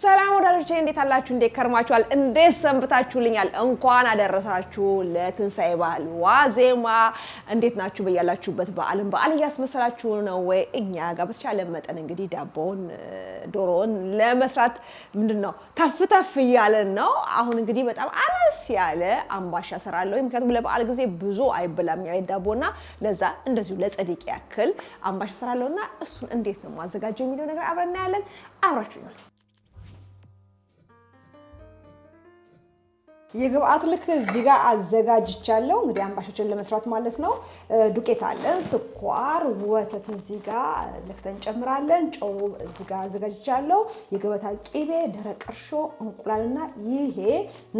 ሰላም ወዳጆቼ እንዴት አላችሁ? እንዴት ከርማችኋል? እንዴት ሰንብታችሁልኛል? እንኳን አደረሳችሁ ለትንሳኤ በዓል ዋዜማ። እንዴት ናችሁ? በያላችሁበት በዓልን በዓል እያስመሰላችሁ ነው ወይ? እኛ ጋር በተቻለ መጠን እንግዲህ ዳቦውን ዶሮውን ለመስራት ምንድን ነው ተፍ ተፍ እያለን ነው። አሁን እንግዲህ በጣም አነስ ያለ አምባሻ እሰራለሁ። ምክንያቱም ለበዓል ጊዜ ብዙ አይበላም ዳቦና፣ ለዛ እንደዚሁ ለጸዲቅ ያክል አምባሻ እሰራለሁና እሱን እንዴት ነው ማዘጋጀው የሚለው ነገር አብረን እናያለን። አብራችሁ የግብአት ልክ እዚህ ጋር አዘጋጅቻለሁ። እንግዲህ አምባሻችን ለመስራት ማለት ነው። ዱቄት አለን፣ ስኳር፣ ወተት እዚህ ጋር ልክተን እንጨምራለን። ጨው እዚህ ጋር አዘጋጅቻለሁ። የገበታ ቂቤ፣ ደረቅ እርሾ፣ እንቁላልና ይሄ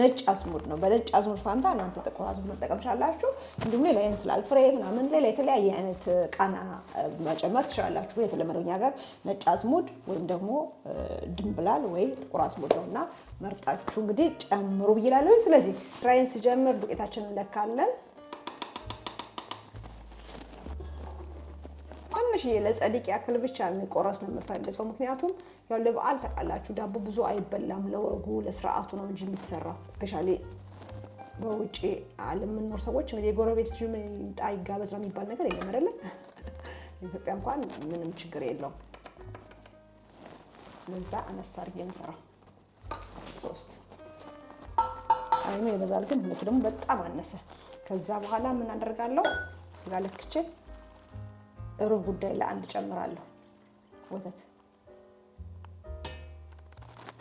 ነጭ አዝሙድ ነው። በነጭ አዝሙድ ፋንታ እናንተ ጥቁር አዝሙድ መጠቀም ትችላላችሁ። እንዲሁም ሌላ የእንስላል ፍሬ ምናምን፣ ሌላ የተለያየ አይነት ቃና መጨመር ትችላላችሁ። የተለመደው እኛ ጋር ነጭ አዝሙድ ወይም ደግሞ ድንብላል ወይ ጥቁር አዝሙድ ነው እና መርጣችሁ እንግዲህ ጨምሩ ብይላለሁ። ስለዚህ ትራይን ስጀምር ዱቄታችንን እንለካለን። ትንሽዬ ለጸዲቅ ያክል ብቻ የሚቆረስ ነው የምፈልገው። ምክንያቱም ያው ለበዓል ተቃላችሁ ዳቦ ብዙ አይበላም። ለወጉ ለስርዓቱ ነው እንጂ የሚሰራ እስፔሻሊ በውጭ ዓለም ሰዎች እንግዲህ የጎረቤት ልጅ ይምጣ ይጋበዝ ነው የሚባል ነገር የለም አይደለ? ኢትዮጵያ እንኳን ምንም ችግር የለውም። ለዛ አነስ አድርጌ የምሰራው ሶስት አይኑ ይበዛል፣ ግን ሁለቱ ደግሞ በጣም አነሰ። ከዛ በኋላ ምን አደርጋለሁ? ስጋ ለክቼ እሩብ ጉዳይ ለአንድ ጨምራለሁ። ወተት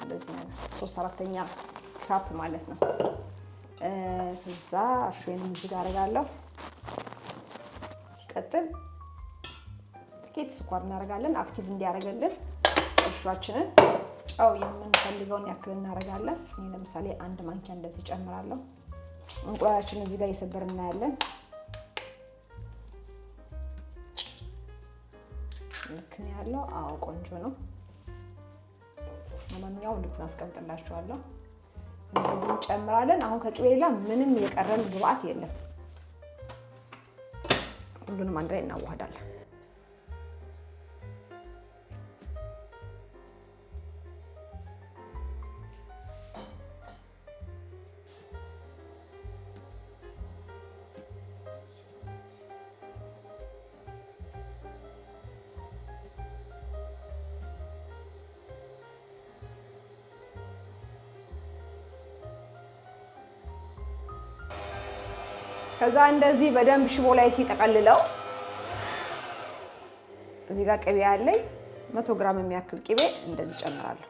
እንደዚህ ነገር ሶስት አራተኛ ካፕ ማለት ነው። ከዛ እርሾዬንም እዚህ ጋር አደርጋለሁ። ሲቀጥል ጥቂት ስኳር እናደርጋለን፣ አክቲቭ እንዲያደርገልን እርሾአችንን ጨው የምንፈልገውን ያክል እናደርጋለን። እኔ ለምሳሌ አንድ ማንኪያ እንደዚህ ጨምራለሁ። እንቁላላችን እዚህ ጋር እየሰበር እናያለን። ልክ ነው ያለው። አዎ ቆንጆ ነው። ለማንኛውም ልኩን አስቀምጥላችኋለሁ። እንደዚህ እንጨምራለን። አሁን ከቅቤ ሌላ ምንም የቀረን ግብአት የለም። ሁሉንም አንድ ላይ እናዋህዳለን። ከዛ እንደዚህ በደንብ ሽቦ ላይ ሲጠቀልለው እዚህ ጋር ቅቤ ያለኝ መቶ ግራም የሚያክል ቅቤ እንደዚህ ጨምራለሁ።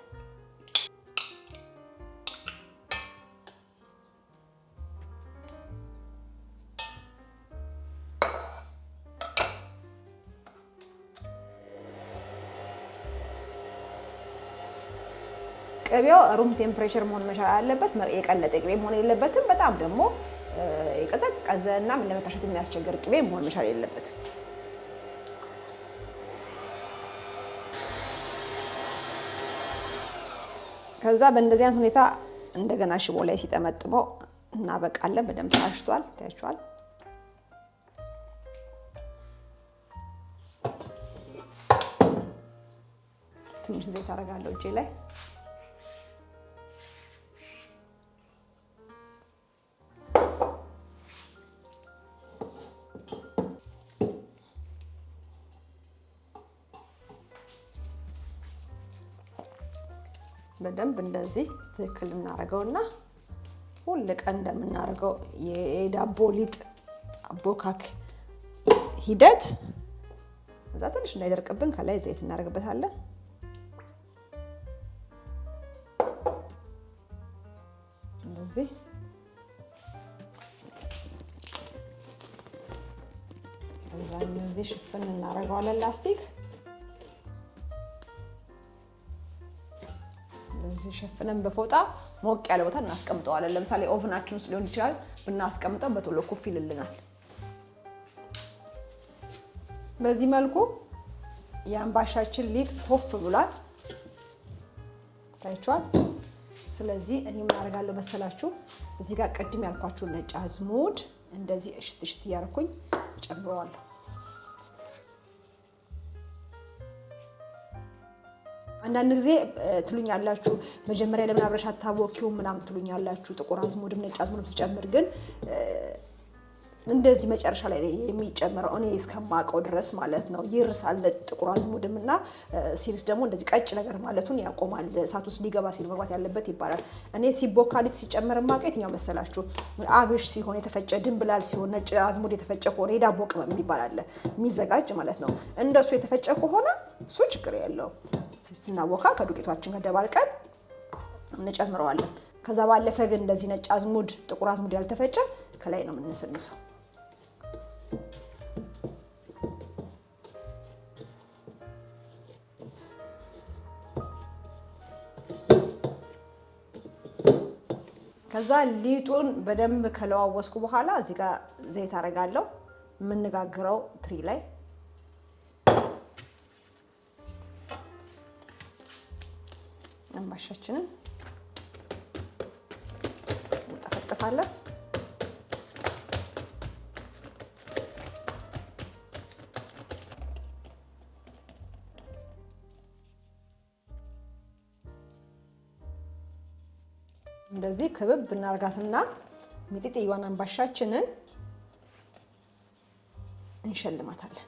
ቅቤው ሩም ቴምፕሬቸር መሆን መቻል አለበት። የቀለጠ ቅቤ መሆን የለበትም። በጣም ደግሞ የቀዘቀዘ እና ለመታሸት የሚያስቸግር ቅቤ መሆን መቻል የለበትም። ከዛ በእንደዚህ አይነት ሁኔታ እንደገና ሽቦ ላይ ሲጠመጥመው እናበቃለን። በደንብ ታሽቷል፣ ይታያችኋል። ትንሽ ዘይት አደርጋለሁ እጄ ላይ በደንብ እንደዚህ ትክክል እና ሁል ቀን እንደምናደርገው የዳቦ ሊጥ አቦካክ ሂደት እዛ ትንሽ እንዳይደርቅብን ከላይ ዘይት እናደርግበታለን። እንደዚህ እዛ እነዚህ ሽፍን እናደርገዋለን ላስቲክ ሸፍነን በፎጣ ሞቅ ያለ ቦታ እናስቀምጠዋለን። ለምሳሌ ኦቨናችን ውስጥ ሊሆን ይችላል። ብናስቀምጠው በቶሎ ኩፍ ይልልናል። በዚህ መልኩ የአምባሻችን ሊጥ ፎፍ ብሏል። ታይቸዋል። ስለዚህ እኔ ምን አደርጋለሁ መሰላችሁ? እዚህ ጋር ቅድም ያልኳችሁን ነጭ አዝሙድ እንደዚህ እሽት እሽት እያደረኩኝ ጨምረዋለሁ። አንዳንድ ጊዜ ትሉኛላችሁ መጀመሪያ ለምን አብረሽ አታቦኪውም ምናምን ትሉኛላችሁ። ጥቁር አዝሙድ፣ ነጭ አዝሙድ ትጨምር ግን እንደዚህ መጨረሻ ላይ የሚጨምረው እኔ እስከማውቀው ድረስ ማለት ነው። ይርሳል ጥቁር አዝሙድም እና ሲልስ ደግሞ እንደዚህ ቀጭ ነገር ማለቱን ያቆማል። እሳት ውስጥ ሊገባ ሲል መግባት ያለበት ይባላል። እኔ ሲቦካሊት ሲጨምር ማውቀው የትኛው መሰላችሁ? አብሽ ሲሆን የተፈጨ ድንብላል ሲሆን ነጭ አዝሙድ የተፈጨ ከሆነ የዳቦ ቅመም የሚባል አለ የሚዘጋጅ ማለት ነው። እንደሱ የተፈጨ ከሆነ እሱ ችግር የለውም። ስናቦካ ከዱቄቷችን ጋር ደባልቀን እንጨምረዋለን። ከዛ ባለፈ ግን እንደዚህ ነጭ አዝሙድ፣ ጥቁር አዝሙድ ያልተፈጨ ከላይ ነው የምንሰንሰው። ከዛ ሊጡን በደንብ ከለዋወስኩ በኋላ እዚህ ጋር ዘይት አደርጋለሁ የምንጋግረው ትሪ ላይ ማሻችንን እንጠፈጥፋለን። እንደዚህ ክብብ እናርጋትና ሚጢጢዋን አምባሻችንን እንሸልማታለን።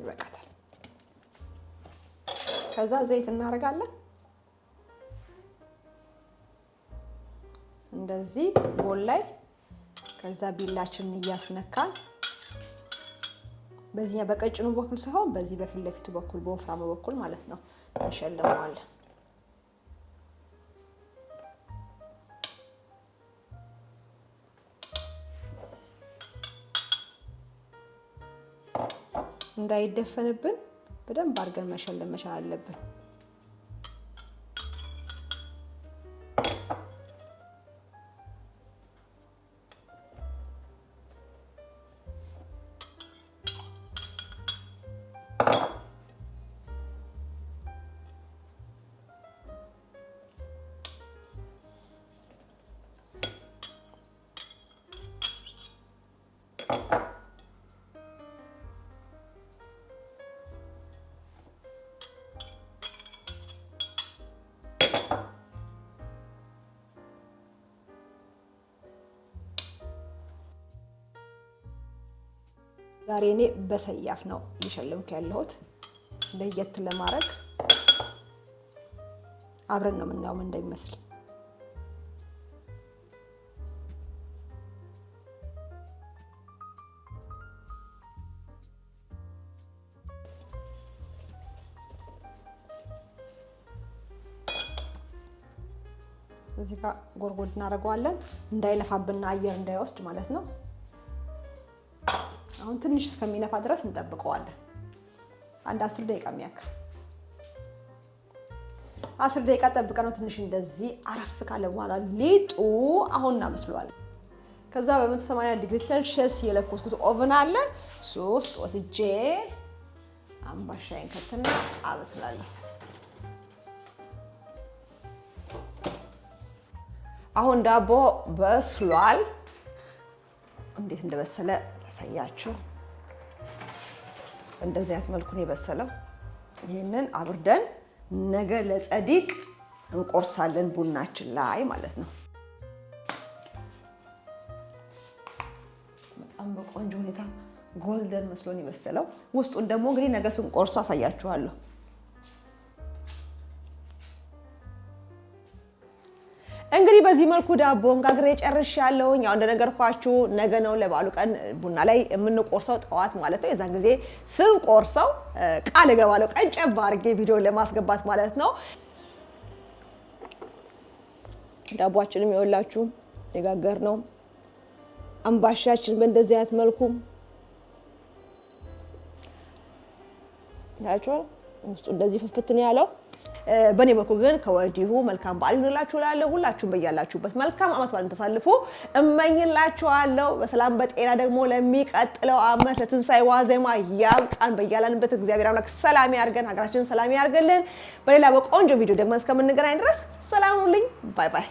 ይበቃታል። ከዛ ዘይት እናደርጋለን። እንደዚህ ቦል ላይ ከዛ ቢላችንን እያስነካን በዚህኛ በቀጭኑ በኩል ሳይሆን በዚህ በፊት ለፊቱ በኩል በወፍራሙ በኩል ማለት ነው እንሸልመዋለን። እንዳይደፈንብን በደንብ አድርገን መሸለም መቻል አለብን። you ዛሬ እኔ በሰያፍ ነው እየሸለምኩ ያለሁት። ለየት ለማድረግ አብረን ነው የምናየው ምን እንደሚመስል። እዚህ ጋር ጎርጎድ እናደርገዋለን እንዳይለፋብና አየር እንዳይወስድ ማለት ነው። አሁን ትንሽ እስከሚነፋ ድረስ እንጠብቀዋለን። አንድ አስር ደቂቃ የሚያክል አስር ደቂቃ ጠብቀ ነው። ትንሽ እንደዚህ አረፍ ካለ በኋላ ሊጡ አሁን እናመስለዋለን። ከዛ በ180 ዲግሪ ሴልሽስ የለኮስኩት ኦቨን አለ ሶስት ወስጄ አምባሻዬን ከትና አበስላለሁ። አሁን ዳቦ በስሏል። እንዴት እንደበሰለ ያሳያችሁ። እንደዚህ አይነት ነው የበሰለው ይህንን አብርደን ነገ ለጸዲቅ እንቆርሳለን ቡናችን ላይ ማለት ነው። በጣም በቆንጆ ሁኔታ ጎልደን መስሎን የበሰለው ውስጡን ደግሞ እንግዲህ ነገ ስንቆርሶ አሳያችኋለሁ። በዚህ መልኩ ዳቦን ጋግሬ ጨርሻለሁኝ። ያው እንደነገርኳችሁ ነገ ነው ለበዓሉ ቀን ቡና ላይ የምንቆርሰው ጠዋት ማለት ነው። የዛን ጊዜ ቆርሰው ቃል እገባለሁ ጨባ አድርጌ ቪዲዮን ለማስገባት ማለት ነው። ዳቧችንም የወላችሁ የጋገር ነው። አምባሻችን በእንደዚህ አይነት መልኩ ታያችኋል። ውስጡ እንደዚህ ፍፍትን ያለው በእኔ በኩል ግን ከወዲሁ መልካም በዓል ይሁንላችሁ እላለሁ። ሁላችሁም በያላችሁበት መልካም ዓመት በዓል እንድታሳልፉ እመኝላችኋለሁ። በሰላም በጤና ደግሞ ለሚቀጥለው ዓመት ለትንሣኤ ዋዜማ ያብቃን። በያላንበት እግዚአብሔር አምላክ ሰላም ያርገን፣ ሀገራችንን ሰላም ያርገልን። በሌላ በቆንጆ ቪዲዮ ደግሞ እስከምንገናኝ ድረስ ሰላም ሁኑልኝ። ባይ ባይ